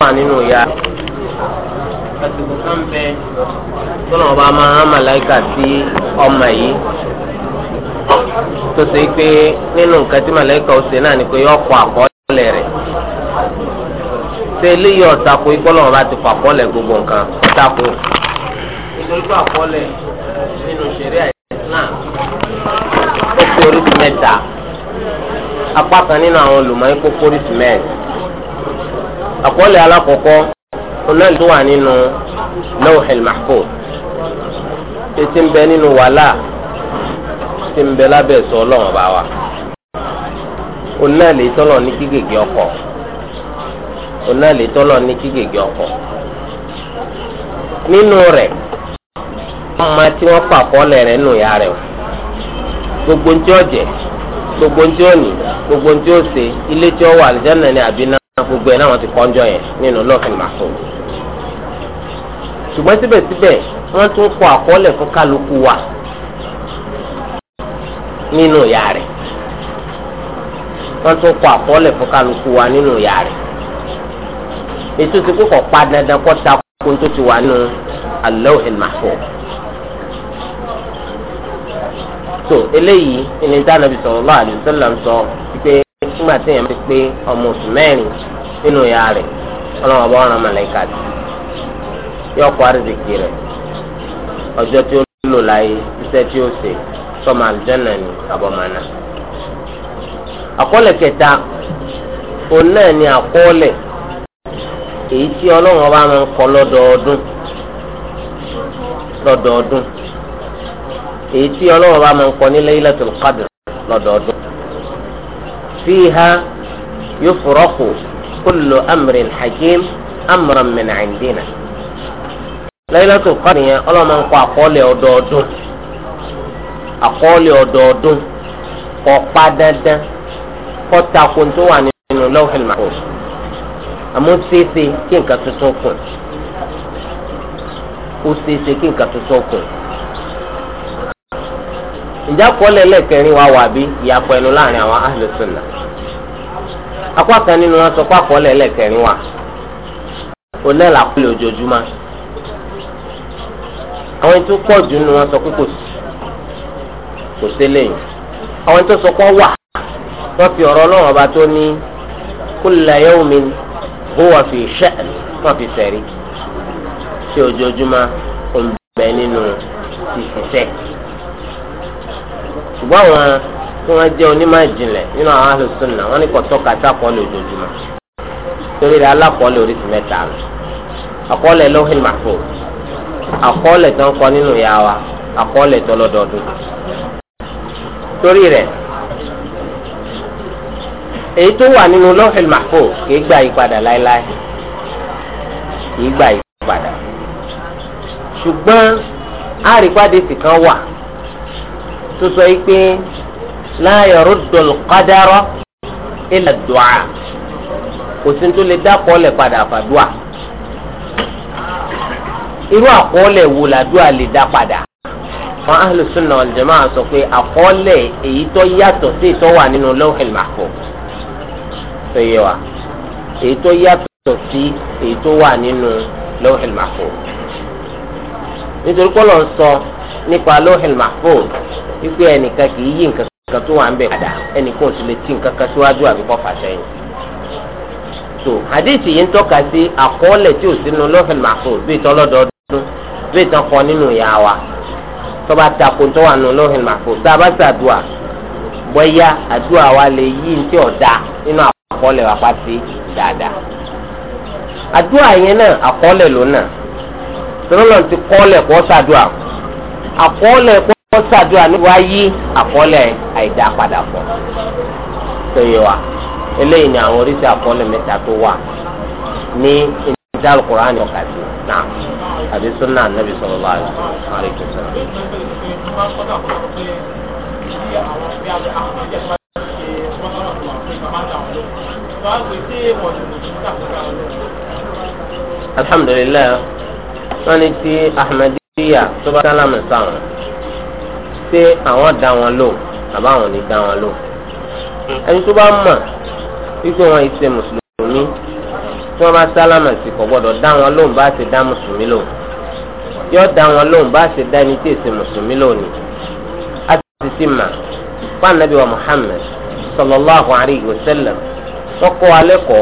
wà nínú ya àsìkò kan bẹ tọ́nà ọba máa hàn màláìka sí ọmọ yìí tó ṣe pé nínú nǹkan tí màláìka ó ṣe náà ni pé yọ kọ àkọọ́lẹ̀ rẹ̀ ṣe eléyìí ọ̀tako ìkọlọ̀ ọba ti kọ àkọọ́lẹ̀ gbogbo nǹkan ọ̀tako. nítorí pé àkọọ́lẹ̀ nínú ṣẹ̀ríà Islam ó pé oríṣi mẹ́ta apá kan nínú àwọn olùmọ̀ ikú kórìṣì mẹ́rin àkọọ́lẹ̀ alákọ̀ọ́kọ́ onáà tó wà nínú lawhil mahfuz títí ń bẹ nínú wàhálà títí ń bẹ lábẹ́ sọ ọlọ́run bá wa onáà lè tọ́lọ̀ ní kígègé ọkọ̀ onáà lè tọ́lọ̀ ní kígègé ọkọ̀ nínú rẹ̀ ọmọ tí wọ́n pa àkọọ́lẹ̀ rẹ̀ nù ya rẹ̀ gbogbo ntí ọ̀jẹ̀ gbogbo ntí òní gbogbo ntí ó ilé tí ó wà ni àbíná gbogbo ẹ̀ náà wọ́n ti kọ́njọ́ yẹn nínú lọ́ọ̀fin màtó ṣùgbọ́n síbẹ̀síbẹ̀ wọ́n tún kọ àkọọ́lẹ̀ fún kálukú wa nínú ìyá rẹ̀ wọ́n tún kọ àkọọ́lẹ̀ fún kálukú wa nínú ìyá rẹ̀ ètò ti kókò pa dandan kó ta kó tó ti wà nínú al-lawhil mahfuz so eléyìí ní ìta nàbì sallallahu alaihi sọ pé nígbà tí èèyàn ti pé ọmọ oṣù mẹ́rin nínú ìyá rẹ̀ ọlọ́run ọba ọ̀ràn màláìka sí yóò kó àrídìkì rẹ̀ ọjọ́ tí ó lò láyé iṣẹ́ tí ó ṣe sọmọ àlùjọ́nà ni àbọ̀mọ́nà. àkọọ́lẹ̀ kẹta òun náà ni àkọọ́lẹ̀ èyí tí ọlọ́run ọba máa ń kọ lọ́dọọdún lọ́dọọdún èyí tí ọlọ́run ọba máa ń kọ ní Laylatul Qadr lọ́dọọdún. فيها يفرق كل أمر حكيم أمرا من عندنا ليلة القدر yẹn ọlọ́mọ ń kọ àkọọ́lẹ̀ ọdọọdún àkọọ́lẹ̀ ọdọọdún kọ pa dandan kọ tako tó wà nínú lọ́wọ́hìn màkò àmọ́ ṣeéṣe kí nǹkan tuntun kù ó ṣeéṣe kí nǹkan tuntun kù ìjákọọlẹ lẹkẹrin wa wà bí ìyàpọ̀ ẹnu láàrin àwọn ahlu sunna apá kan nínú wọn sọ pé àkọọlẹ lẹkẹrin wà onílà kọlẹ ojoojúmọ́ àwọn tó pọ̀ jù nínú wọn sọ pé kò sí kò sí lẹ́yìn àwọn tó sọ pé wà wọ́n fi ọ̀rọ̀ Ọlọ́run ọba tó ní kulla yawmin huwa fi sha'n wọ́n fi sẹrí ṣé ojoojúmọ́ òǹbẹ nínú ti ṣiṣẹ́. ṣùgbọ́n àwọn tí wọ́n jẹ́ onímọ̀ ìjìnlẹ̀ nínú àwọn alùsùnà wọ́n ní kò tọ́ka sí àkọọ́lẹ̀ ojoojúmọ́ torí rẹ̀ alákọọ́lẹ̀ oríṣi mẹ́ta rẹ̀ àkọọ́lẹ̀ lọ́hìn màfò àkọọ́lẹ̀ tó ń kọ nínú ìyá wa àkọọ́lẹ̀ tó lọ́dọọdún torí rẹ̀ èyí tó wà nínú lọ́hìn màfò kìí gbà yí padà láéláé kìí gbà yí padà ṣùgbọ́n sì kan wà. tó sọ yìí pé la yaruddul qadara illa du'a kò sí tó lè dá kọ́ọ̀lẹ̀ padà àfàdúà irú àkọọ́lẹ̀ wo làdúà lè dá padà àwọn ahlùsùnà ọ̀lùjẹ̀mọ́ sọ pé àkọọ́lẹ̀ èyí tó yàtọ̀ sí ìtọ́ wà nínú lawhil mahfuz tó yẹ wa èyí tó yàtọ̀ sí èyí tó wà nínú lawhil mahfuz nítorí kọ́ lọ́n sọ nípa lóhìn mahfuz wípé ẹnìkan kì í yí nǹkan kan tó wà ń bẹ̀ padà ẹnìkan sì lè ti nǹkan síwájú àbí kọ́ fàṣẹ yìí. so hadithi yìí ń tọ́ka sí àkọọ́lẹ̀ tí ò sínú lóhìn mahfuz bíi tọ́lọ́dọọdún bíi tán kọ nínú ìyá wa tó bá tako tó wà nínú lóhìn mahfuz tá a bá ṣàdúà bóyá àdúà wa lè yí ní tí ò dáa nínú àkọọ́lẹ̀ wa pa sí dáadáa. àdúà yẹn náà àkọọ́lẹ̀ lónà tọ́lọ́lọ́ ti kọ́ọ́lẹ̀ kọ́ àkọọ́lẹ̀ kọ́ sàdúrà ní wàá yí àkọọ́lẹ̀ àìdá padà fọ́ sọyẹ wa eléyìí ni àwọn oríṣi àkọọ́lẹ̀ mẹ́ta tó wà ní ìdáàlù Qur'an ní ọ̀kà sí náà àbí sunna anabi sallallahu alaihi wasallam. alhamdulilayi wọn ni ti ahmed tíyà tó bá sálámù sáwọn ṣé àwọn dá wọn lò àbá àwọn ò ní dá wọn lò ẹni tó bá mọ̀ wípé wọn ìṣe mùsùlùmí tí wọn bá sálámà sí kò gbọ́dọ̀ dá wọn lóhùn bá ṣe dá mùsùlùmí lò yóò dá wọn lóhùn bá ṣe dá ẹni tí èsì mùsùlùmí lò ní. a ti ti mà fún anabi wa muhammed sallallahu alayhi wa sallam wọn kọ́ alẹ́ kọ́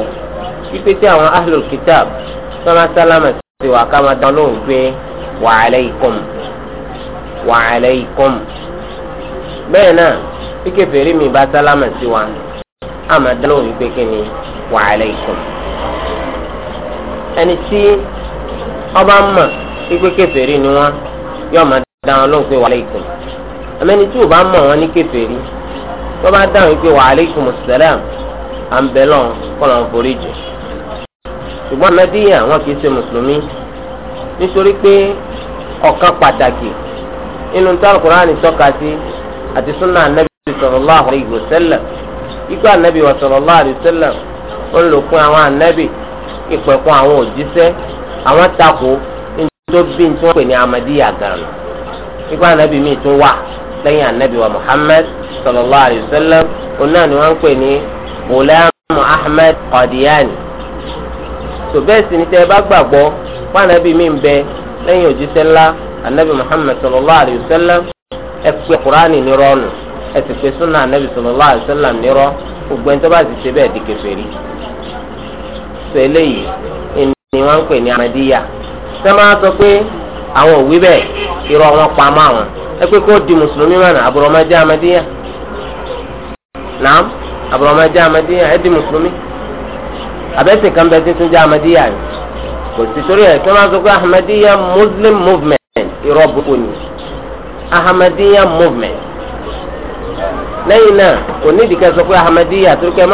wípé tí àwọn ahlul kitab tí wọn bá sálámà sí wa ká máa dá wọn lóhùn pé wa alaykum wa alaykum bẹ́ẹ̀ náà kíkẹ́ fèrè mi bá sálámà sí wa àmà dáná òun pé kí ni wa alaykum ẹni tí ọba mọ̀ kíkẹ́ kèfèrí ni wọ́n yóò máa dá wọn lóhùn pé wa alaykum àmẹ́ni tí ò mọ̀ wọn ní kèfèrí tó bá dáhùn pé wa alaykum salam à forí jù ṣùgbọ́n amẹ́díyà wọn kì í ṣe mùsùlùmí nítorí pé ọ̀kan pàtàkì nínú táwọn kùránì tọ́ka sí àti súnà anábì sallallahu alaihi wasallam ikú anábì sallallahu alaihi wasallam ó ń lò fún àwọn anábì ìpẹ̀kun àwọn òjíṣẹ́ àwọn tako tó bí tí wọ́n pè ní amadiya gan ikú anábì míì tún wà lẹ́yìn anábì wa Muhammad sallallahu alaihi wasallam òun náà ni wọ́n ń pè ní Ghulam Ahmad Qadiani tòbẹ́ẹ̀sì ni tẹ́ ẹ bá gbàgbọ́ wọn ànábì mi ń bẹ lẹ́yìn òjíṣẹ́ ńlá ànábì muhammed sallallahu alayhi wa sallam ẹ pè kúránì nírọ́ nù ẹ sì pè súnà ànábì sallallahu alayhi wa sallam nírọ́ gbogbo ẹni tó bá sì ṣe bẹ́ẹ̀ di kèfèrí. sọ eléyìí ni wọ́n ń pè ní amadiya sẹ́mi á sọ pé àwọn òwí bẹ́ẹ̀ irọ́ wọn pa mọ́ àwọn ẹ pé kó di mùsùlùmí mọ́nà àbúrò amadiya naam àbúrò amadiya ẹ di mùsùlùmí àbẹ́sìn kan bẹ́ẹ̀ tuntun jẹ́ amadiya yìí kò sí sórí ẹ̀ tó máa sọ pé ahmadiyya muslim movement irọ́ burúkú ni ahmadiyya movement lẹ́yìn náà kò ní ìdíkẹ́ sọ pé ahmadiyya torí pé kẹ́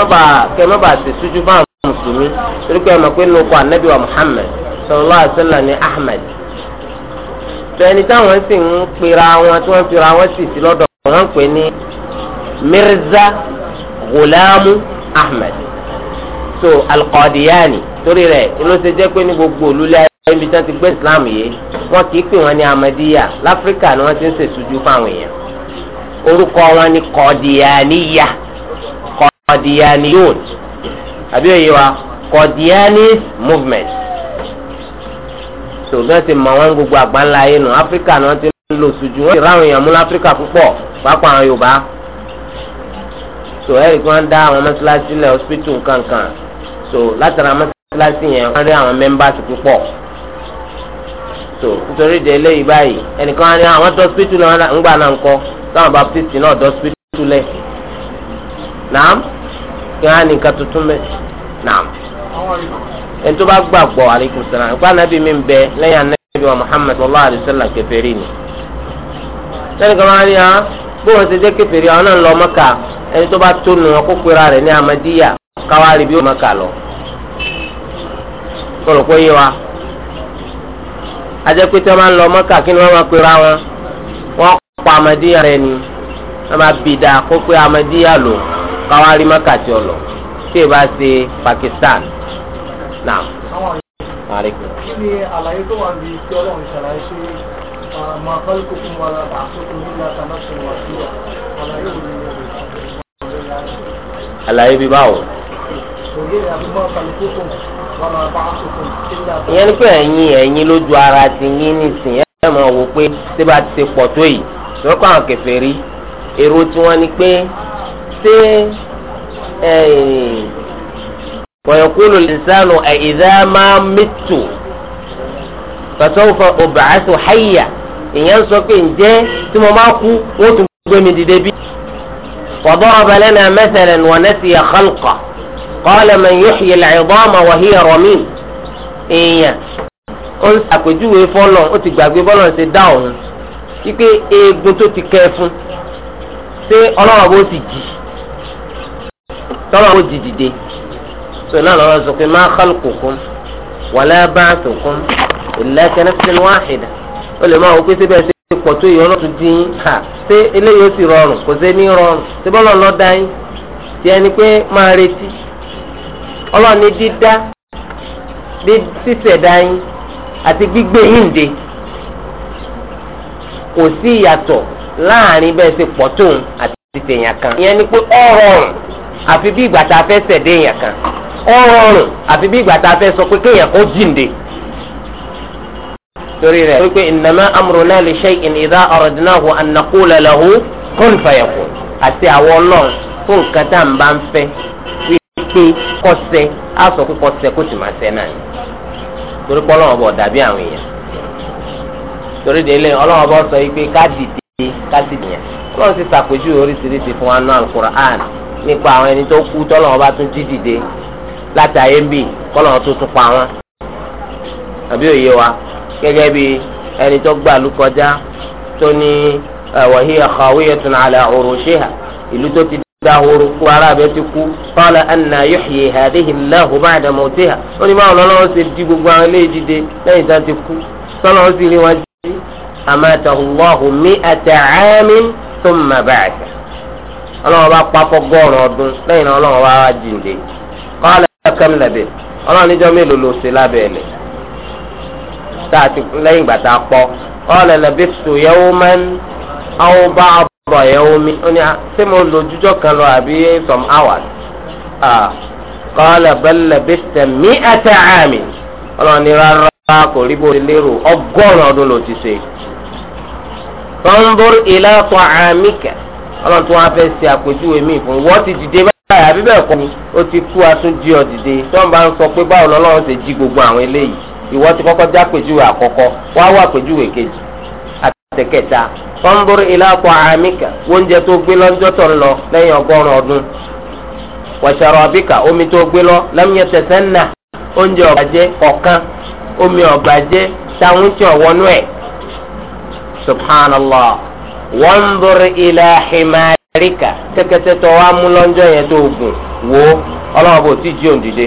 má bàa ṣèṣújú bá àwọn mùsùlùmí torí pé ẹ̀ mọ̀ pé nùkọ́ anabi wa muhammad sallallahu alaihi wasallam ni ahmed tẹni táwọn sì ń pera wọn tí wọ́n pera wọn sì sí lọ́dọ̀ wọn pè ní mirza gulamu ahmed so alqadiyani torí rẹ̀ ló ṣe jẹ́ pé ní gbogbo olúlẹ̀ ayé ibi tí wọ́n ti gbé islam yìí wọ́n kì í pè wọ́n ní amadiya láfíríkà ni wọ́n ti ń ṣèṣojú fáwọn èèyàn orúkọ wọn ni qadiyaniya qadiyaniyun àbí òye wa qadiyanist movement so bí wọ́n ti mọ̀ wọ́n gbogbo àgbáńlá ayé nù áfíríkà ni wọ́n ti ń lò ṣojú wọ́n ti ráwọn èèyàn mú láfíríkà púpọ̀ pápá àwọn yorùbá so ẹ̀rí kí wọ́n dá àwọn mọ́ṣáláṣí lẹ̀ hospital kankan so látara mọ́sálásí yẹn wọ́n rí àwọn mẹ́mbàsì púpọ̀ so nítorí de eléyìí báyìí ẹnìkan á ní àwọn ah, dọ́sítù náà ń gbà náà ń kọ́ táwọn baptist náà dọ́sítù lẹ̀ nàám kí wọ́n á ní nǹkan tuntun mẹ́ nàám. ẹni tó bá gbàgbọ́ aleykum salaam nípa anabi mi bẹ lẹ́yìn anabi wa muhammad sallallahu alayhi wa sallam ni. sẹ́ni kan máa ń rí bó wọn ṣe jẹ́ kèfèrí àwọn náà ń lọ mọ́kà ẹni tó bá tó nù wọn kó pera rẹ̀ ní amadiya káwá rí bí ó mọ́kà lọ. sọ̀rọ̀ pé yé wa ajẹ́ pé tí wọ́n máa ń lọ mọ́kà kí ni wọ́n máa pera wọn wọ́n pa amadiya rẹ̀ ni wọ́n máa bìdà kó pé amadiya lò káwá rí mọ́kà tí ó lọ tí ì bá ṣe Pakistan náà. kí ni àlàyé tó wà ní ti ọlọ́run ṣàlàyé ṣe ما خلقكم ولا بعثكم إلا كنفس واحدة ولا يغني àlàyé bíi báwo. ìyẹn ni pé ẹ̀yin ẹ̀yin lójú ara ti yín nísìnyí ẹ̀ máa wò pé ṣé bá ti pọ̀ tó yìí lọ́kọ̀ àwọn kẹfẹ́ rí èrò tiwọn ni pé ṣé wọ̀nyẹ̀kúlù lẹ́sánù ẹ̀ìdá máa mẹ́tò fàtọ́fà ọ̀bàṣọ háyà èèyàn ń sọ pé ǹjẹ́ tí mo bá kú wọ́n tún gbé mi dìde bí. وضرب لنا مثلا ونسي خلقه قال من يحيي العظام وهي رميم èèyàn ó ń ṣàpèjúwe fọlọ ó ti gbàgbé bọlọ ṣe dá òun wípé eegun tó ti kẹ fún ṣé ọlọ́wọ́ bó ti jì tọ́lọ́wọ́ bó ti dìde sọ náà lọ́wọ́ sọ pé má kálukú kún wàlẹ́ bá sùn kún ìlẹ́kẹ́ ní sinú wáhìdá ó lè máa wò pé síbẹ̀ ṣe pọ̀ tó ìyọ́nà tó dín in ha ṣé eléyìí ó sì rọrùn kò ṣe ní rọrùn ṣé bọ́lọ̀ lọ dá yín tí ẹni pé máa retí ọlọ́run ní dídá sísẹ̀dá yín àti gbígbé yín dé kò sí ìyàtọ̀ láàrin bẹ́ẹ̀ ṣe pọ̀ tóun àti tèèyàn kan ìyẹn ni pé ó rọrùn àfi bí ìgbà tá a fẹ́ ṣẹ̀dé èèyàn kan ó rọrùn àfi bí ìgbà tá a fẹ́ sọ pé kéèyàn kó jíǹde torí rẹ̀ wípé ìnàmá amúrúná lè ṣe ìnìdá ọ̀rọ̀dínàhù ànàkúlẹ̀lẹ̀hù kún fàyàkùn àti àwọn ọlọ́run fún nǹkan tá à ń bá ń fẹ́ wípé kọ́sẹ́ á sọ pé kọ́sẹ́ kó sì máa sẹ́ náà ni torí pé ọlọ́run ọba ọ̀dàbí àwọn èèyàn torí délé ọlọ́run ọba sọ wípé ká dìde ká sì dìyàn ọlọ́run ti sàpèjúwe oríṣiríṣi fún wa àbí òye wa gẹ́gẹ́ bí ẹni tó gbà lù kọjá tó ní wahiya khawiyatun ala urushiha ìlú tó ti da horo kú ara bẹ ti kú qala anna yuhyi hadhihi Allahu ba'da mawtiha ó ní báwo lọ́wọ́ ṣe di gbogbo àwọn ilé ìdíde lẹ́yìn tá ti kú sọ́nà ó sì rí wọn jí amatahu Allahu mi'ata 'amin thumma ba'atha ọlọ́wọ́ bá papọ̀ gọ́ọ̀rùn ọdún lẹ́yìn náà ọlọ́wọ́ bá wá jíǹde qala kam labith ọlọ́wọ́ níjọ́ mélòó ló ṣe lábẹ́ ẹ̀ tá a ti lẹ́yìn ìgbà tá a pọ̀ qala labistu yawman aw ba'da yawmin ó ní ṣé mo lò ojújọ́ kan lọ àbí some hours qala bal labista mi'ata 'amin ọlọ́run ní rárá kò rí bó lérò ọgọ́rùn-ún ọdún ló ti ṣe. fanzur ila ta'amika ọlọ́run tí wọ́n fẹ́ ṣe àpèjúwe mi fún wọ́n ti dìde báyìí àbí bẹ́ẹ̀ kọ́ ni ó ti kú atún jí ọ dìde ń sọ pé báwo lọ́lọ́run ṣe jí gbogbo àwọn eléyìí ìwọ ti kọ́kọ́ já pèjúwe àkọ́kọ́ wá wá pèjúwe kejì àtẹ̀kẹta fọ́nbúrú ìlàpọ̀ àmìkà oúnjẹ tó gbé lọ́jọ́ tó ń lọ lẹ́yìn ọgọ́rùn-ún ọdún wọ̀ṣọ̀rọ̀ àbíkà omi tó gbé lọ lẹ́mìí tẹ̀sẹ̀ nà oúnjẹ ọ̀gbàjẹ́ ọ̀kan omi ọ̀gbàjẹ́ táwọn tí ọ̀wọ́nú ẹ̀ subhanallah wọ́nbúrú ìlà himarika kẹ́kẹ́tẹ́ tó wá mú lọ́jọ́ yẹn tó gùn wò ó ọlọ́wọ́ bò tí jí òǹdìdé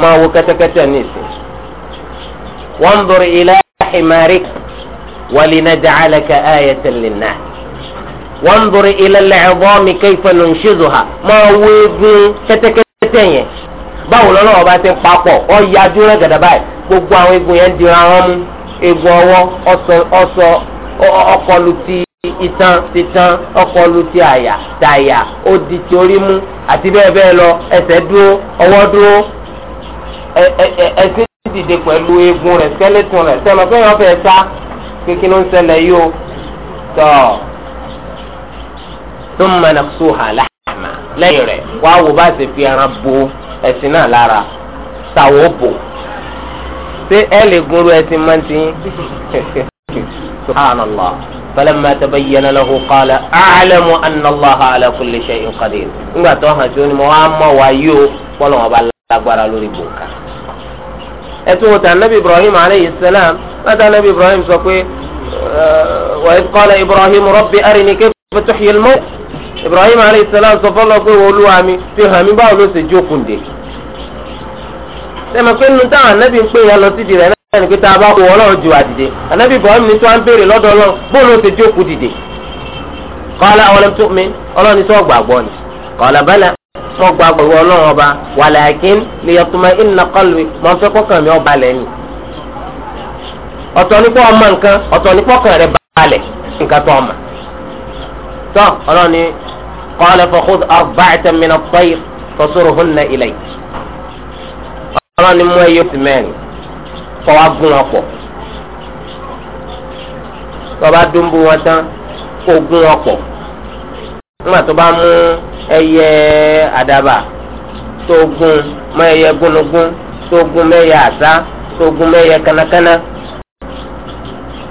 máa wo kẹ́tẹ́kẹ́tẹ́ ní ìsìn wanzur ila himarik walinaj'alaka ayatan linnas wanzur ila al'idhami kayfa nunshizuha máa wo egun kẹ́tẹ́kẹ́tẹ́ yẹn báwo lọ́nà ọba ti ń papọ̀ ọ ya dúró gàdá báyìí gbogbo àwọn egun yẹn ń dira wọn mú egun ọwọ́ ọsọ ọkọlù ti itan titan ọkọlù ti àyà tàyà ó di torí mú àti bẹ́ẹ̀ bẹ́ẹ̀ lọ ẹsẹ̀ dúró ọwọ́ dúró ẹsẹ̀ dìde pẹ̀lú eegun rẹ̀ skeleton rẹ̀ sẹ́nu fẹ́ yọ fẹ́ sá kékeré ló ń ṣẹlẹ̀ yìí o tọ́ tó ń mọ̀nà hà láàmà lẹ́yìn rẹ̀ wá wo bá ṣe fi ara bo ẹ̀sìn náà lára tàwọ̀ bò ṣé ẹ lè gúnrú ẹ̀sìn máa ń ti yín subhanallah falamma tabayyana lahu qala a'lamu ala kulli shay'in qadir ńgbà tó hàn sí ó wá mọ̀ wá yìí o kọ́ lọ́wọ́ bá lágbára lórí bòǹkà ẹtún wò tàn nàbí ibrahim aleyhi salam wọn tàn nàbí ibrahim sọ pé wà á kọ́lá ibrahim rabbi arini kayfa tuhyi al-mawt ibrahim aleyhi salam sọ fọlọ pé wọ́n olúwa mi fi hàn mí báwo ló ṣe jókòó dé. sẹ́mi pé nínú táwọn anábì ń pè yẹn lọ sídìí rẹ̀ náà ní pé tá a bá wọ ọlọ́run ju àdìde anábì ibrahim ní tí wọ́n ń béèrè lọ́dọ̀ ọlọ́run bóun ló ṣe jókòó dìde. kọ́lá ọlọ́run tó mi ni kọ́lá bala mo gba gbogbo ọlọ́run ọba wàlàkín liyatuma inna qalbi mo fẹ́ kọ́kàn mi ọba lẹ́nu. ọ̀tọ̀ nípa ọmọ nǹkan ọ̀tọ̀ nípa ọkàn rẹ̀ balẹ̀ nǹkan tó ọmọ. tọ́ ọlọ́run ni qala fakhudh arba'atan min at-tayr fasurhunna ilayk. ọlọ́run ni mú ẹyẹ oṣù mẹ́rin kọ́ wa gún wọn pọ̀. tọ́ dúnbù wọn tán kó gún wọn pọ̀ nígbà tó bá mú ẹyẹ àdàbà tó gún mọ́ ẹyẹ gúnugún tó gún mẹ́yẹ àṣá tó gún mẹ́yẹ kánákáná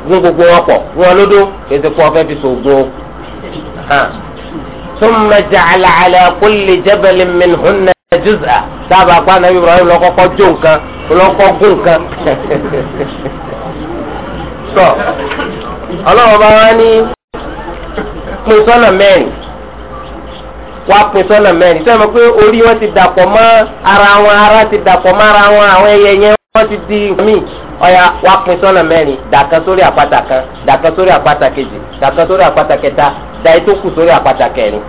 gún gbogbo wọn pọ̀ wọn lódò ètò pọ̀ fẹ́ fi sògùn o. ثم جعل على كل جبل منهن juz'a dábàá pa nàbí ibrahim lọ kọ́kọ́ jó nǹkan lọ kọ gún nǹkan. sọ ọlọ́run bá wá ní pín sọ́nà mẹ́rin. wọ́n á pín sọ́nà mẹ́rin sọ ma pé orí wọn ti dàpọ̀ mọ́ ara wọn ara ti dàpọ̀ mọ́ ara wọn àwọn ẹyẹ yẹn wọ́n ti di mí ọ̀yà wọ́n á sọ́nà mẹ́rin dàkan sórí àpáta kan dàkan sórí àpáta kejì dàkan sórí àpáta kẹta kù sórí àpáta kẹrin.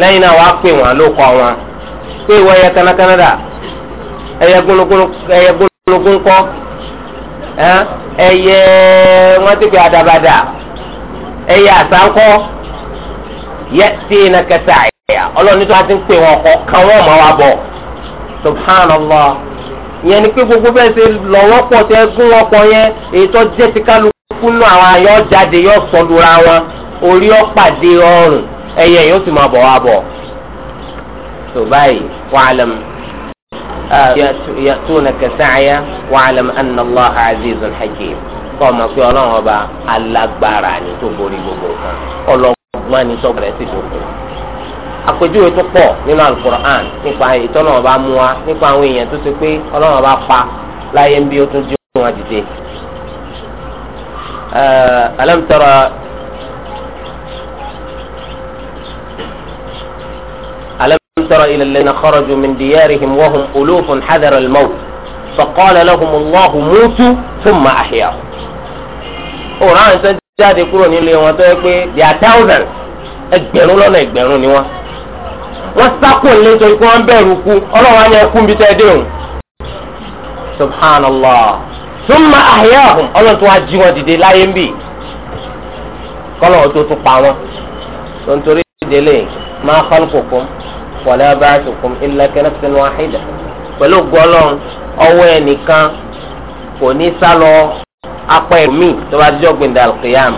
lẹ́yìn náà wọ́n ló kọ́ wọn pé ìwọ ẹyẹ kánákánáda ẹyẹ gúnlógún kọ́ ẹyẹ wọ́n ti ẹyẹ àsánkọ́ yẹ tí iná kẹta ẹ̀yà ọlọ́run tó a ti ń pè wọn kọ́ kan wọ́n mọ́ wa bọ̀ subhanallah ìyẹn ni pé gbogbo bẹ́ẹ̀ ṣe lọ́wọ́ pọ̀ tẹ́ gún wọn pọ̀ yẹn èyí tó jẹ́ ti kálukú nù àwọn ayọ́ jáde yọ sọdúnra wọn orí ọ̀pàdé ọrùn ẹyẹ yóò sì máa bọ̀ wa bọ̀ tó báyìí wàhálà mu. يأتونك سعيا واعلم أن الله عزيز حكيم kọ́ ọmọ pé ọlọ́run ọba alágbára ni tó borí gbogbo kan ọlọ́gbọ́n ni sọ́gbọ̀n rẹ̀ sì sọ́kùn. àpèjúwe tó pọ̀ nínú alukur'an nípa ètò ọba mú wa nípa àwọn èèyàn tó ṣe pé ọlọ́run ọba pa láyé ń bí ó tún jí wọn dìde. alam tara alam tara ila alladhina kharaju min diyarihim wa hum ulufun hadara al-mawt faqala lahum Allahu òun àwọn ìṣẹ́ jáde kúrò nílé wọn tó yẹ pé they are thousands ẹgbẹ̀rún lọ́nà ni wọ́n wọ́n sákò nílé nítorí pé wọ́n bẹ̀rù kú ọlọ́run á subhanallah thumma ahyahum tó wá jí wọn dìde láyé ń bì kọ́lọ́run tó tún pa wọn apá ẹ̀mí tó bá jọ́ gbìndà alqiyam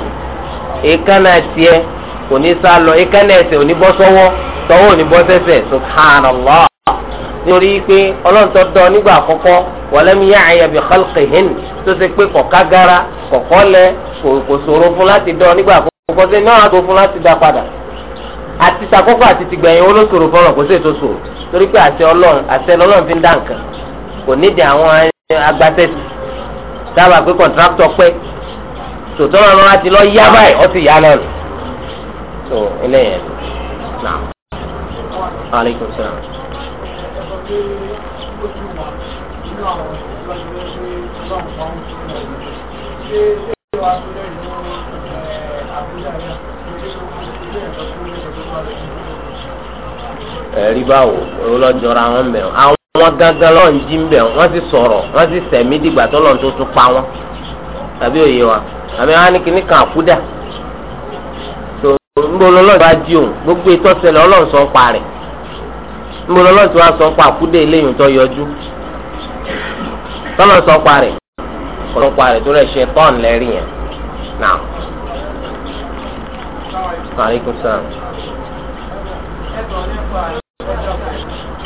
èékánná tiẹ̀ kò ní sá lọ èékánná ẹsẹ̀ ò ní bọ́ sọ́wọ́ tọwọ́ ò ní bọ́ sẹ́sẹ̀ subhanallah nítorí pé ọlọ́run tó dán nígbà àkọ́kọ́ walam ya'ya bi tó ṣe pé kọ̀ká gara kọ̀kọ́ lẹ kò ṣòro fún láti dán nígbà àkọ́kọ́ ṣe náà tó fún láti dá padà àti sàkọ́kọ́ àti tìgbẹ̀yìn olóṣòro fọlọ́ kò sí ètò torí pé àṣẹ ọlọ́run àṣẹ ọlọ́run fi ń dá nǹkan kò nídìí àwọn agbátẹ́sì dábàá pé kọ̀ǹtráktọ̀ pẹ́ tòótọ́ màmá wa ti lọ yá báyìí ó sì yá náà nù tó eléyẹn nà. aleykum salaam. ẹ̀rí báwo olójọra wọn mẹ́rin àwọn wọn gángan lọ yìí ń bẹ wọn sì sọ̀rọ̀ wọn sì sẹmí dìgbà tó lọ tó tún pa wọn tàbí òye wa àmì wọn ni kìnnì kan àkúdà tó ńgbọlọ lọ bá di òun gbogbo ètò ọsẹlẹ Ọlọ́run sọ pa rẹ ńgbọlọ lọ tó wá sọ pa àkúdà eléyìí tó yọjú tọlọ sọ pa rẹ sọ pa rẹ tó rẹ ṣe tọ́ọ̀n lẹ́rìí yẹn náà. Aleykum salaam.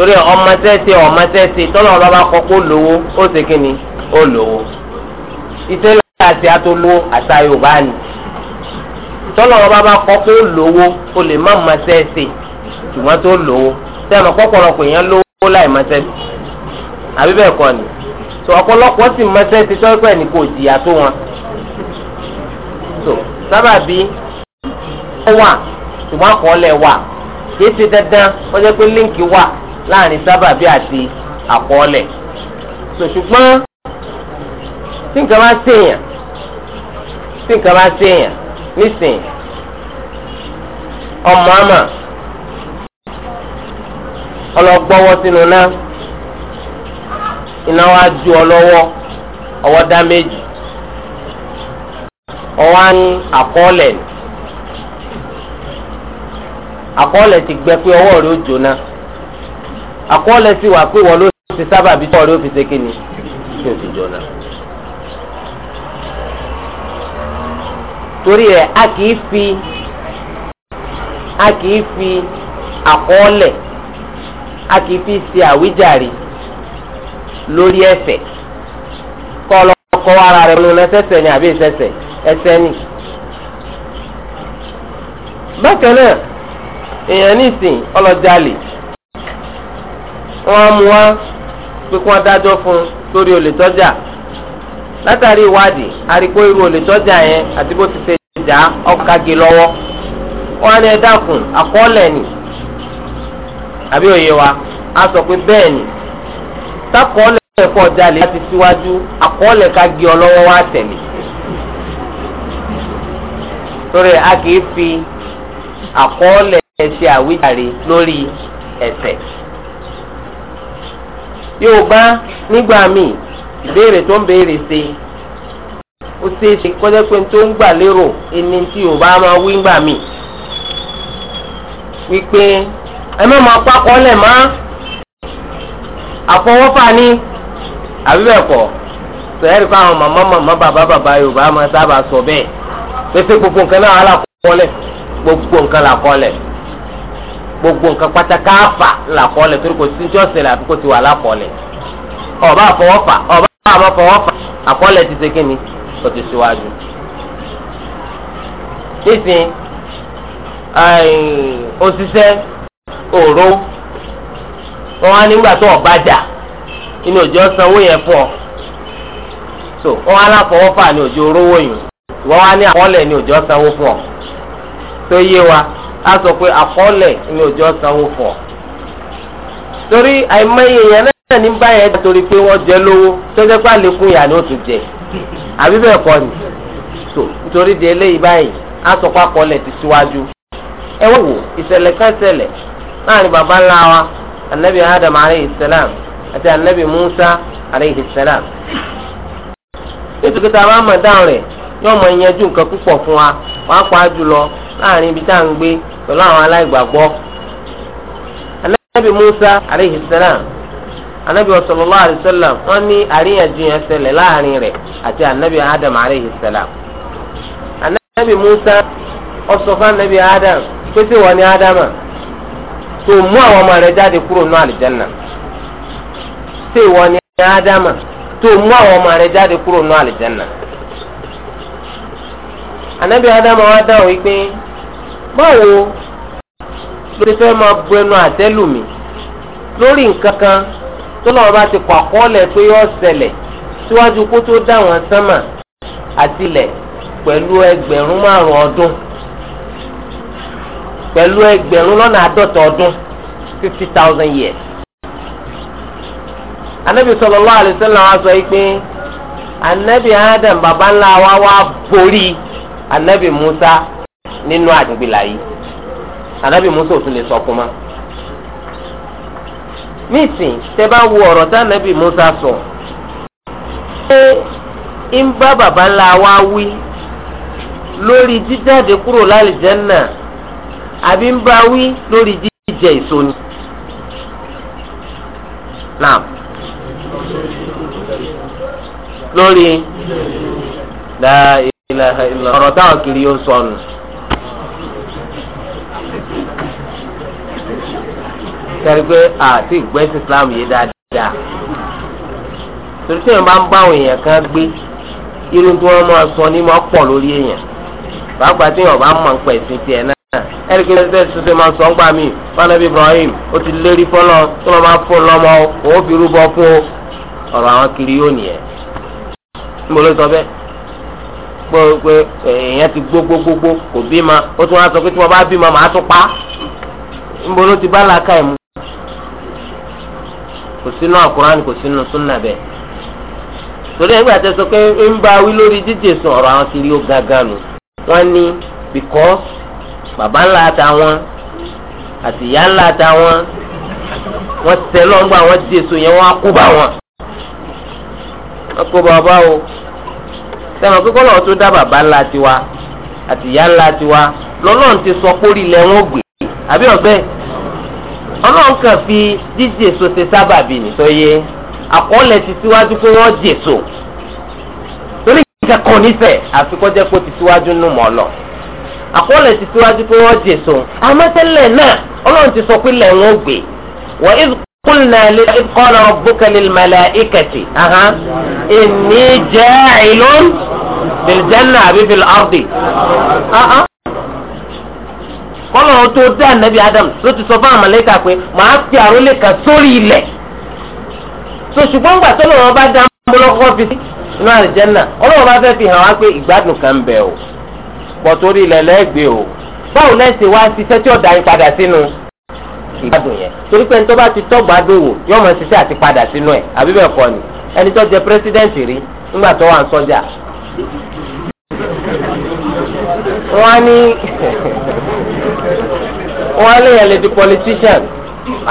torí ọmọ tẹ́tẹ́ ọmọ tẹ́tẹ́ tọ́lọ́ ọba bá kọ́ kó lówó ó ṣe kí ni ó lówó ìtẹ́lẹ̀ àti atolówó àṣà yorùbá ni tọ́lọ́ ọba bá kọ́ kó lówó ó lè má ma ṣùgbọ́n tó lówó sẹ́nu kọ́kọ́rọ́kọ́ èèyàn lówó láì ma àbí bẹ́ẹ̀ kọ́ ni tó ọ̀pọ̀lọpọ̀ sì ma tẹ́tẹ́ tọ́pẹ́ ni kò jìyà tó wọn tó sábàbí ó wà ṣùgbọ́n àkọọ́lẹ̀ wà kì í ṣe dandan wọ́n jẹ́ pé líǹkì wà láàrin sábàbí àti àkọọ́lẹ̀ so ṣùgbọ́n tí nǹkan bá ṣèyàn tí nǹkan bá ṣèyàn nísìn ọmọ àmà ọlọgbọwọ sínú náà iná wa ju ọlọ́wọ́ ọwọ́ dá méjì ọwọ́ ní àkọọ́lẹ̀ àkọọ́lẹ̀ ti gbẹ pé ọwọ́ rẹ̀ ó jóná àkọọ́lẹ̀ sì wà pé wọ́n ló ṣe sábà bí tọ́ọ̀rẹ́ ó fi ṣe kíni tí ó fi jọ̀nà. torí ẹ̀ a kìí fi a kìí fi àkọọ́lẹ̀ a kìí fi ṣe àwíjàre lórí ẹ̀ṣẹ̀ kọ́ ọlọ́kọ́ ara rẹ̀ lọ́nà ẹsẹ̀sẹ̀ ni àbí ẹsẹ̀sẹ̀ ẹsẹ̀ ni. bákan náà èèyàn nísìn ọlọ́jàlè wọ́n mú wá pé kí wọ́n dájọ́ fún un lórí olè tọ́jà látàrí ìwádìí àríkó irú olè tọ́jà yẹn àti bó ti ṣe jà ọ̀kàgé lọ́wọ́ wọ́n á ní ẹ dákun ni àbí òye wa a sọ pé bẹ́ẹ̀ ni sákọọ́lẹ̀ ẹ̀kọ́ jalè láti síwájú àkọọ́lẹ̀ ká gé ọ lọ́wọ́ wá tẹ̀lé torí a kì í fi àkọọ́lẹ̀ ṣe àwíjàre lórí ẹ̀ṣẹ̀ yorùbá nígbà míì ìbéèrè tó ń béèrè ṣe ó ṣeé ṣe kọjá pé tó ń gbà lérò ẹni tí yorùbá máa wí ńgbà míì wípé ẹ má máa pákọ lẹ̀ má àfọwọ́fà ni àbí bẹ́ẹ̀ kọ́ sẹ́yìn fún àwọn màmá màmá bàbá bàbá yorùbá máa sábà sọ bẹ́ẹ̀ pé pé gbogbo nǹkan náà alákọ̀ọ́lẹ̀ gbogbo nǹkan làkọ́lẹ̀ gbogbo nǹkan pátá káfà ńlá kọ́lẹ̀ torí kò sí jọ́sẹ̀ làbí kò ti wà lákọ́lẹ̀ ọba àfọwọ́fà ọba àbọ̀fọwọ́fà àkọ́lẹ̀ ti ṣe kí ni kò ti ṣíwájú. nísìn òṣìṣẹ́ òró wọn á nígbà tó ọba jà inú òjò sanwó yẹn fún ọ so wọn á láfọwọ́fà ní òjò orówó yìí wọn á ní àkọ́lẹ̀ ní òjò sanwó fún ọ tó yé wa. So, a sọ pé àkọọ́lẹ̀ ni òjò sanwó fún torí àìmọye èèyàn náà ní báyẹn ẹ̀dá torí pé wọ́n jẹ lówó tó jẹ́ pé àlékún ìyá ni ó tún jẹ àbí bẹ́ẹ̀ kọ́ ni tó nítorí di eléyìí báyìí a sọ pé àkọọ́lẹ̀ ti síwájú. ẹ wọ́n wò ìṣẹ̀lẹ̀ kan ṣẹlẹ̀ láàrin baba ńlá wa anabi adam aleyhi salam àti anabi musa aleyhi salam nítorí tá a bá mọ̀ dáhùn rẹ̀ yóò mọ ìyẹn ju nǹkan púpọ̀ fún wa wàá pa á jùlọ láàrin ibi tá à ń gbé pẹ̀lú àwọn aláìgbàgbọ́ anabi musa aleyhi salam anabi sallallahu alaihi wasallam wọ́n ní àríyànjiyàn ṣẹlẹ̀ láàrin rẹ̀ àti anabi adam aleyhi salam anabi musa ó sọ fún anabi adam pé tí wọ́n ní adama tó mú àwọn ọmọ rẹ̀ jáde kúrò ní àlìjánná tí wọ́n ní adama tó mú àwọn ọmọ rẹ̀ jáde kúrò ní àlìjánná anabi adam wa wípé. báwo lórí fẹ́ máa bu ẹnu àtẹ́lù mi lórí nǹkan kan tó lọ́wọ́ bá ti kọ́ àkọọ́lẹ̀ pé yọ ṣẹlẹ̀ síwájú kó tó dá wọn sánmà àtilẹ̀ pẹ̀lú ẹgbẹ̀rún márùn ọdún pẹ̀lú ẹgbẹ̀rún lọ́nà àádọ́ta ọdún fifty thousand years. anabi sallallahu alaihi wasallam wa sọ pé anabi adam baba ńlá wa wá borí anabi musa nínú àdìgbìlà yìí ànábì musa ò tún lè sọ fún ma nísìn tẹ bá wo ọ̀rọ̀ tá ànábì musa sọ ṣé ń bá baba ńlá wa wí lórí jíjáde kúrò lálìjẹ́nà àbí ń bá wí lórí jíjẹ èso ni. Naam. lórí ọ̀rọ̀ táwọn kiri yóò sọnù. sẹ́ni pé àti ìgbẹ́sì Islam yé dáadáa torí tí èèyàn bá ń bá àwọn èèyàn kan gbé irun tí wọ́n sọ ní máa pọ̀ lórí èèyàn pàápàá tí èèyàn bá mọ̀ ń pẹ̀ sí tiẹ̀ náà ẹni kí sọ ńgbà mí fanabi Ibrahim ó ti fọlọ máa fún lọ́mọ òun fi rúbọ fún ọ̀rọ̀ sọ bẹ́ẹ̀ pé èèyàn ti gbogbogbò kò bímọ ó tún wá sọ pé tí wọ́n bá màá tún pa níbo kò sínú àkùránì kò sínú súnà bẹ́ẹ̀ torí ẹgbẹ́ àti ẹsọ pé ń bá wí lórí díje sùn ọ̀rọ̀ àwọn ti ó gángan nù wọ́n ní because bàbá ńlá àtàwọn àti ìyá ńlá àtàwọn wọ́n tẹ lọ́ngbà wọ́n díje sùn yẹn wọ́n á kó bá wọn. wọ́n kó bàbá o sẹ́wọ̀n pé kọ́lọ́ tó dá bàbá ńlá tiwa àti ìyá ńlá tiwa lọ́lọ́run ti sọ pórí ilẹ̀ wọn gbé àbí ọ̀bẹ́ ọlọ́run kàn fi jíjèso ṣe sábàbí nìtọ́yé àkọọ́lẹ̀ ti síwájú pé wọ́n jèso torí ìjà kan nífẹ̀ẹ́ àfikọ́jẹ́ pé ó ti síwájú nù mọ́ lọ àkọọ́lẹ̀ ti síwájú pé wọ́n jèso àmọ́tẹ́lẹ̀ náà ọlọ́run ti sọ pé lẹ̀ wọ́n gbé wọ́n قلنا إذ قال ربك للملائكة أها إني جاعل بالجنة أبي في الأرض أها kọlọ́run tó dá anabi Adam ló ti sọ fún àmàlẹ́kà pé màá fi àrólé kan sórí ilẹ̀ so ṣùgbọ́n gbà tó lọ́wọ́ bá dá mọ́lọ́kọ́ fi sí inú àlìjẹ́nà ọlọ́wọ́ bá fẹ́ fi hàn wá pé ìgbádùn kan o pọ̀ torí ilẹ̀ lẹ́gbẹ̀ẹ́ o báwo lẹ́sìn wá ṣiṣẹ́ tí ó dá yín padà yẹn torí pé tó bá ti yóò mọ ṣiṣẹ́ àti padà sínú ẹ̀ àbí bẹ́ẹ̀ kọ́ wọn aléyàn lè di politician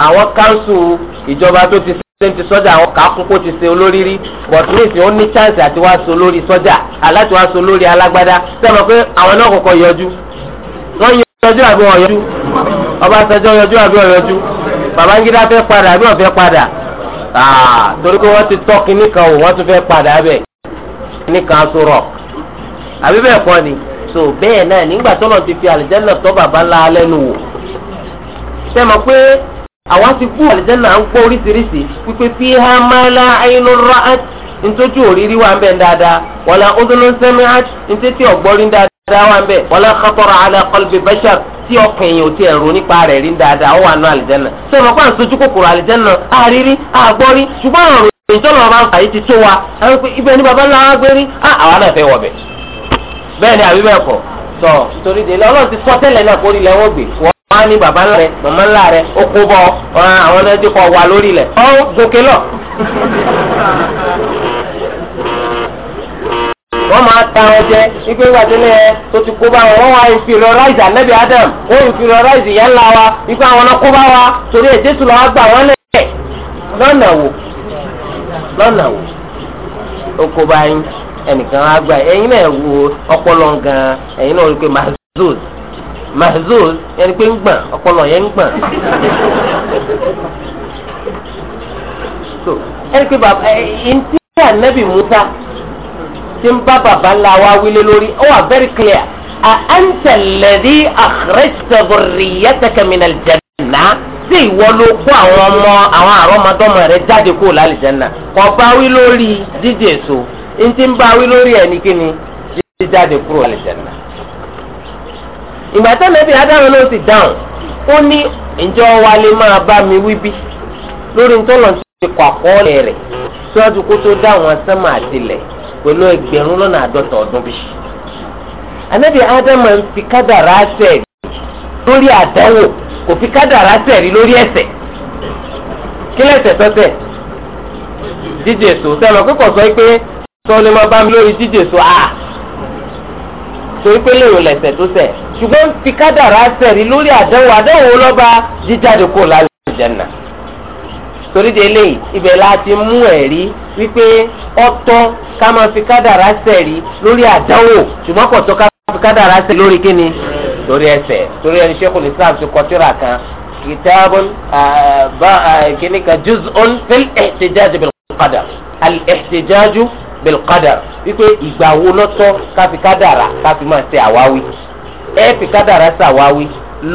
àwọn council ìjọba tó ti sẹ́ńtì sọ́jà àwọn kàákùn kó ti ṣe olórí rí but nísìnyí ó ní chance àti wá so lórí sọ́jà aláti wá so lórí alágbádá sẹ́wọ̀n pé àwọn náà kọ̀kọ́ yọjú wọ́n yọjú àbí wọ́n yọjú Ọbásanjọ́ yọjú àbí wọ́n yọjú Babangida fẹ́ padà àbí wọ́n fẹ́ padà ah, torí pé wọ́n ti tọ́ kíní kan o wọ́n tún fẹ́ padà bẹ̀ kíní kan so rock àbí bẹ́ẹ̀ kọ́ ni so bẹ́ẹ̀ náà nígbà tó lọ́n ti fi àlìjẹ́lẹ̀ tọ́ bàbá ńlá alẹ́ nu wò ṣe mọ̀ pé àwa ti kú àlìjẹ́nà ń gbọ́ oríṣiríṣi pípé fi há máa la ayinú ra'at ntójú òrírí wa ń bẹ̀ dáadáa wala ọdún sami'at ntétí ọ̀gbọ́rí dáadáa wa ń bẹ̀ wala khatara ala qalbi bashar tí ọkàn èèyàn ò ti ẹ̀rù nípa rẹ̀ rí dáadáa ó wà nù àlìjẹ́nà ṣe mọ̀ pé à ń sojú kòkòrò àrírí àgbọ́rí ṣùgbọ́n àrùn ìjọba wa ibẹ̀ ni baba ńlá wa gbé rí àwa náà fẹ́ wọ̀ bẹ̀ bẹ́ẹ̀ ni àbí bẹ́ẹ̀ kọ́ sọ torí wọ́n á ní bàbá ńlá rẹ̀ màmá ńlá rẹ̀ ó kó bọ́ àwọn ẹni tí kò wà lórí ilẹ̀ ó gòkè lọ. wọ́n máa ta ọ jẹ wípé ìgbàdélé ẹ tó ti kó bá wọn wọ́n wá inferiorize anabi adam wọ́n inferiorize ìyá ńlá wa wípé àwọn náà kó bá wa torí èdè tó lọ́wọ́ gbà wọ́n lẹ̀ lọ́nà wò lọ́nà wò ó kó bá yín ẹnìkan á gbà ẹ̀yin náà wo ọpọlọ gan ẹ̀yin náà mahzul yẹn pé ń gbọ̀n ọpọlọ yẹn ń gbọ̀n so ẹni pé bàbá ẹni tí ànábì Musa ti ń bá bàbá ńlá wa wílé lórí ó wà very clear àǹtà lẹ́dí àkàrẹ́sítẹ̀bùrìyẹ́tẹ̀kẹ́ min al-janna sí ìwọ ló kó àwọn ọmọ àwọn àrọ́mọdọ́mọ rẹ jáde kó lálìjẹ́nà kò bá wí lórí dídì èso ẹni ń bá wí lórí ẹ̀ ní kíni jíjáde kúrò lálìjẹ́nà ìgbà tó nàbí adáhùn ló sì dáhùn ó ní ǹjẹ́ wa lè máa bá mi wí bí lórí ntọ́lọ̀ ti kọ àkọọ́lẹ̀ rẹ̀ síwájú kó tó dáhùn asẹ́mà àtìlẹ̀ pẹ̀lú ẹgbẹ̀rún lọ́nà àádọ́ta ọdún bí. ànábì ádámà ń fi kádàrá sẹ̀ lórí àdánwò kò fi kádàrá sẹ̀ rí lórí ẹ̀ṣẹ̀ kí lẹ́ṣẹ̀ tọ́tẹ̀ jíjẹ̀ sọ sẹ́nu akẹ́kọ̀ọ́ sọ pé sọ máa bá mi lórí jíjẹ̀ sọ torí pé lèrò lẹ̀sẹ̀ tó ṣẹ̀ ṣùgbọ́n fi kádàrá sẹ̀rí lórí àdánwò àdánwò lọ́ba jíjáde kò lálẹ́ ìjẹ́nà torí de eléyìí ibẹ̀ la ti mú ẹ̀rí wípé ọ̀tọ̀ ká máa fi kádàrá sẹ̀rí lórí àdánwò ṣùgbọ́n kò tọ́ ká máa fi kádàrá sẹ̀rí lórí kíni lórí ẹ̀ṣẹ̀ torí ẹni Sheikhul Islam ti kọ tírà kan kitabun kíníkan juz'un fil ihtijaj bil qadar bilqadar wípé ìgbà wo lọ́tọ́ káfi kádàrà káfi máa ṣe àwáwí ẹ fi kádàrà ṣàwáwí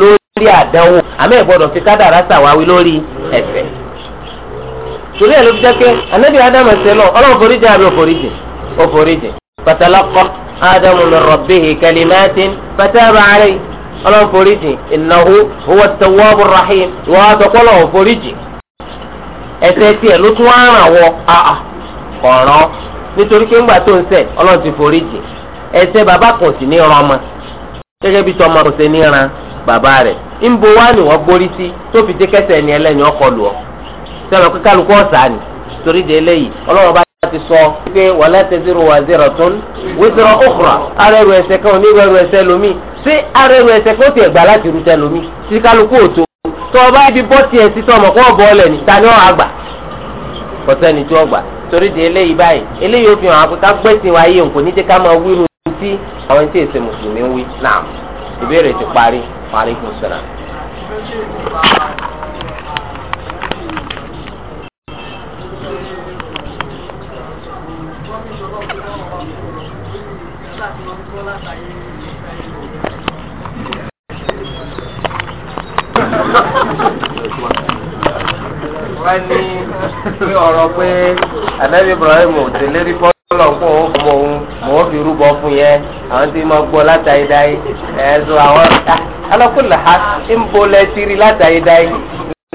lórí àdánwò àmọ́ ìgbọ́dọ̀ fi kádàrà ṣàwáwí lórí ẹ̀fẹ̀. torí ẹ̀ ló fi jẹ́ pé anabi adamu ẹsẹ̀ náà ọlọ́run forí jẹ́ àbí òforíjì òforíjì fatalaqa adamu min rabbihi kalimatin fataba alayhi ọlọ́run foríjì innahu huwa tawwabur rahim ìwà àtọ́kọ́ lọ́wọ́ foríjì ẹsẹ̀ tiẹ̀ ló tún á ràn wọ́ nítorí pé ńgbà tó ń ṣẹ̀ Ọlọ́run ti forí jì ẹ̀ṣẹ̀ bàbá kò sì ní ran ọmọ gẹ́gẹ́ bí tọmọ kò sì ní ran bàbá rẹ̀ ńbo wá ni wọ́n borí sí tó fi dé kẹsẹ̀ ni ẹlẹ́ni ọkọ lù ọ́ sẹ́wọ̀n pé kálukú ọ̀sà ni torí de eléyìí Ọlọ́run bá ti sọ pé wala taziru waziratun wizra ukhra arẹ́rù ẹ̀ṣẹ̀ kan onírẹ́rù ẹ̀ṣẹ̀ lomi ṣé arẹ́rù ẹ̀ṣẹ̀ kan ó ti ẹ̀gbà láti rú tẹ lomi tí kálukú ò tọ́ ọ bá ibi bọ́ tiẹ̀ sí tọmọ kó ọ̀bọ̀ ọlẹ̀ ní ta ni ọ̀ àgbà kọ́sẹ́ni tí ọ̀ torí di eléyìí báyìí eléyìí ó fi hàn àpò ká gbẹ́sìn wa yìí nǹkan níjẹ́ ká máa wíru tí àwọn tí èsè mùsùlùmí ń wí náà ìbéèrè ti parí parí kù sọ̀rọ̀. Thank you wọ́n ní pé ọ̀rọ̀ pé anabi ibrahim ò tẹ̀lé rí fọ́lọ̀ fún òun fún òun mò ń fi rúbọ fún yẹn àwọn tí ma gbọ́ látàyédáyé ẹ̀ẹ́dùn àwọn ah, alákùnlé ha ń bolẹ̀ tiri látàyédáyé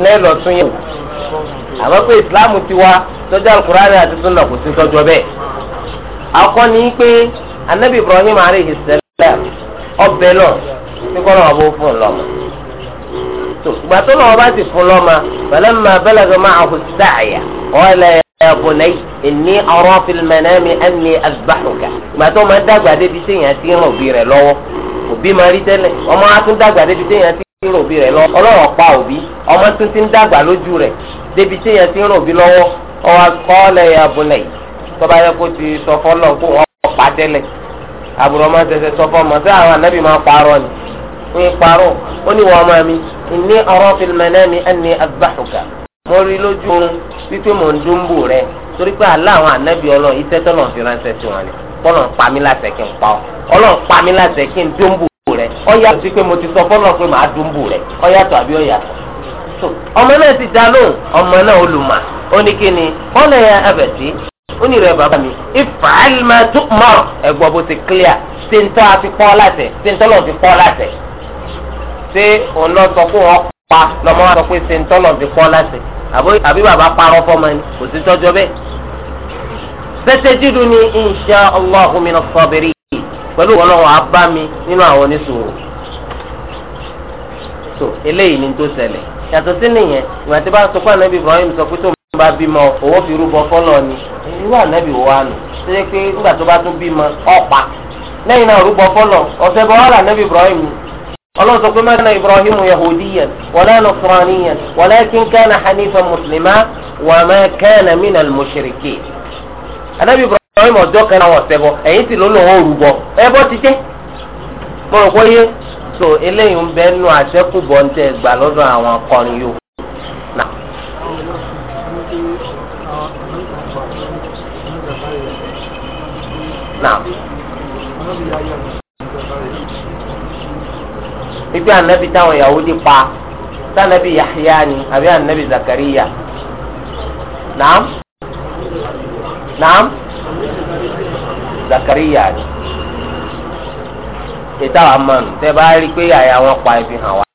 lẹ́lọ́ tún yẹn àmọ́ pé islam ti wá tọ́jú alukur'ani àti sunna kò sí tọ́jú bẹ́ẹ̀. akọni pé anabi ibrahim alayhi salam ọbẹ̀ lọ sí kọ́nà ọ̀bọ̀ fún un lọ́mọ tó ṣùgbọ́n tó lọ́wọ́ bá ti fún lọ́mọ falamma balagha ma'ahu as-sa'ya qala ya bunayya inni ara fil manami anni azbahuka ìgbà tó máa dàgbà débi téèyàn ti ràn òbí rẹ̀ lọ́wọ́ òbí máa rí tẹ́lẹ̀ ọmọ á tún dàgbà débi téèyàn ti ràn òbí rẹ̀ lọ́wọ́ ọlọ́rọ̀ pa òbí ọmọ tún ti ń dàgbà lójú rẹ̀ débi téèyàn ti ràn òbí lọ́wọ́ ọwọ́ qala ya bunayya tọ́ba yẹ kó ti sọ fọ́lọ́ kó wọ́n pa tẹ́lẹ̀ àbúrò máa ń tẹ̀sẹ̀ sọ fọ́ mọ̀ sí àwọn anábì máa parọ́ ni ní parọ́ ó ní wọ́n máa mi ní ọ̀rọ̀ fìlìmẹ́nẹ́ mi ẹni agbáhùkà mo rí lójú oorun wípé mò ń dúnbò rẹ torí pé àlá àwọn ànábì ọlọ́run iṣẹ́ tọ́lọ̀ fi ránṣẹ́ sí wọn ni kọ́lọ̀ ń pa mí láṣẹ kí n pa ọ́ ọlọ́run pa mí láṣẹ kí n dúnbò rẹ ọ yàtọ̀ sí pé mo ti sọ fọ́lọ́ pé màá dúnbò rẹ ọ yàtọ̀ àbí ọ yàtọ̀ so ọmọ náà ti dá lóhùn ọmọ náà olùmọ̀ ó ní kí ni kọ́lá ya abẹ̀tí ó ní rẹ bàbá mi ìfàlmà tó mọ̀ ẹ̀gbọ́n bó ti clear ṣe ń tọ́ àfi pọ́ láṣẹ ṣe ń tọ́lọ̀ fi pọ́ láṣẹ ṣé òun lọ sọ fún wọn pa lọmọ wa sọ pé ṣe ń tọ́lọ̀ fi pọ́ láti àbí bàbá parọ́ fọmọ ni kò sí tọ́jọ́ bẹ́ẹ̀. sẹ́sẹ́ dídùn ni insha Allahu minas sabirin pẹ̀lú wọn náà wà á bá mi nínú àwọn oníṣòwò. tó eléyìí ni tó ṣẹlẹ̀ yàtọ̀ sí nìyẹn ìwà tí bá sọ pé ànábì Ibrahim sọ pé tó ń bá bímọ òwò fi rúbọ fọlọ ni irú ànábì wo wà nù ṣe é pé nígbà tó bá tún bímọ ọ̀pá lẹ́yìn náà rúbọ fọlọ ọ̀sẹ̀ bọ́ wà lànàbì Ibrahim ọlọ́run sọ pé má kana ibrahim yahudiyan wàlá nasraniyan walakin kana hanifan muslima wà má kana minal mushriki. anabi ibrahim ọjọ́ kan náà wọ̀ sẹ́bọ̀ ẹ̀yìn sì ló lọ́ wọ́n rúbọ ẹbọ ti jẹ́ mo rò pé yé so eléyìí ń bẹ́ nu àṣẹ́kùbọ̀ ń tẹ̀ gbà lọ́dọ̀ àwọn akọrin yòó. Now ipe anabi táwọn yahudi pa sanabi yahya ni àbí anabi zakariya naam naam zakariya ni ètò àwọn ọmọ nù tẹ bá rí i pé àyà wọn pa ibi hàn wá.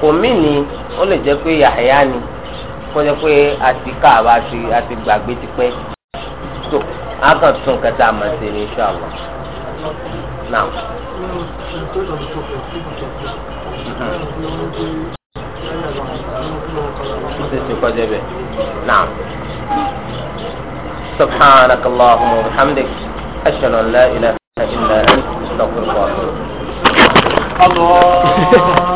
kò mí ni ó lè jẹ́ pé yahya ni kó jẹ́ pé àti káàbà àti àti ti pẹ́ tó a kàn tún kẹta àmọ́ sí ní sọ́ọ̀bù. نعم نعم سبحانك اللهم وبحمدك أشهد أن لا إله إلا أنت أستغفرك وأتوب الله